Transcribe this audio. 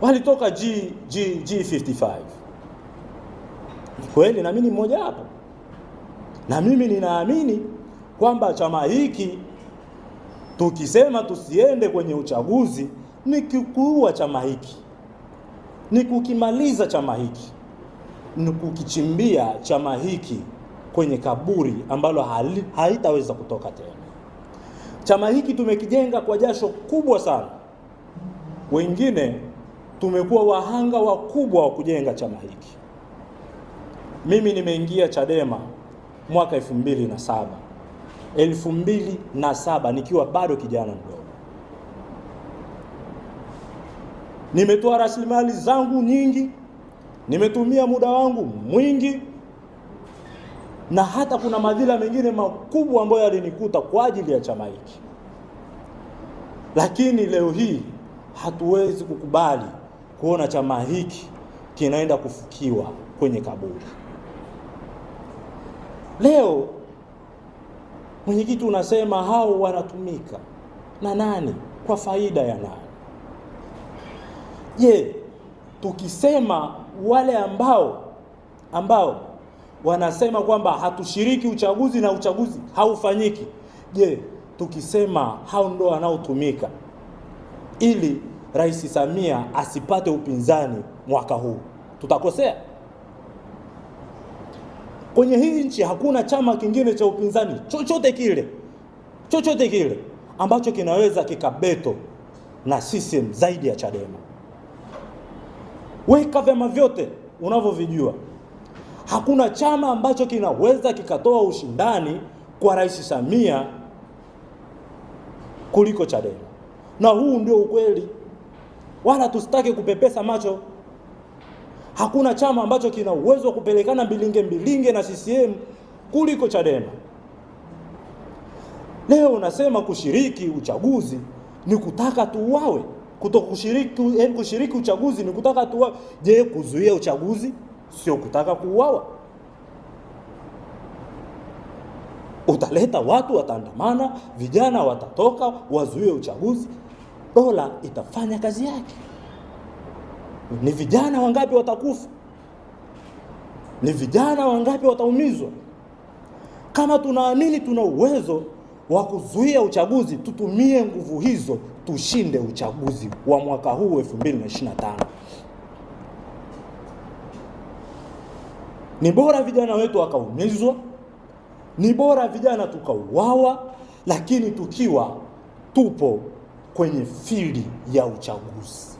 walitoka G, G, G55. Ni kweli na mimi mmoja hapo, na mimi ninaamini kwamba chama hiki tukisema tusiende kwenye uchaguzi ni kukuua chama hiki, ni kukimaliza chama hiki, ni kukichimbia chama hiki kwenye kaburi ambalo haitaweza kutoka tena. Chama hiki tumekijenga kwa jasho kubwa sana, wengine tumekuwa wahanga wakubwa wa kujenga chama hiki. Mimi nimeingia Chadema mwaka na saba nikiwa bado kijana mdogo. Nimetoa rasilimali zangu nyingi, nimetumia muda wangu mwingi, na hata kuna madhila mengine makubwa ambayo yalinikuta kwa ajili ya chama hiki, lakini leo hii hatuwezi kukubali kuona chama hiki kinaenda kufukiwa kwenye kaburi. Leo mwenyekiti unasema hao wanatumika na nani? Kwa faida ya nani? Je, tukisema wale ambao ambao wanasema kwamba hatushiriki uchaguzi na uchaguzi haufanyiki, je, tukisema hao ndo wanaotumika ili Rais Samia asipate upinzani mwaka huu, tutakosea kwenye hii nchi. Hakuna chama kingine cha upinzani chochote kile chochote kile ambacho kinaweza kikabeto na system zaidi ya Chadema. Weka vyama vyote unavyovijua, hakuna chama ambacho kinaweza kikatoa ushindani kwa Rais Samia kuliko Chadema, na huu ndio ukweli wala tusitaki kupepesa macho. Hakuna chama ambacho kina uwezo wa kupelekana mbilinge mbilinge na CCM kuliko Chadema. Leo unasema kushiriki uchaguzi ni kutaka tuuawe, kuto kushiriki, eh, kushiriki uchaguzi ni kutaka tuuawe. Je, kuzuia uchaguzi sio kutaka kuuawa? Utaleta watu wataandamana, vijana watatoka wazuie uchaguzi dola itafanya kazi yake. Ni vijana wangapi watakufa? Ni vijana wangapi wataumizwa? Kama tunaamini tuna uwezo wa kuzuia uchaguzi, tutumie nguvu hizo, tushinde uchaguzi wa mwaka huu 2025. Ni bora vijana wetu wakaumizwa, ni bora vijana tukauawa, lakini tukiwa tupo kwenye fili ya uchaguzi.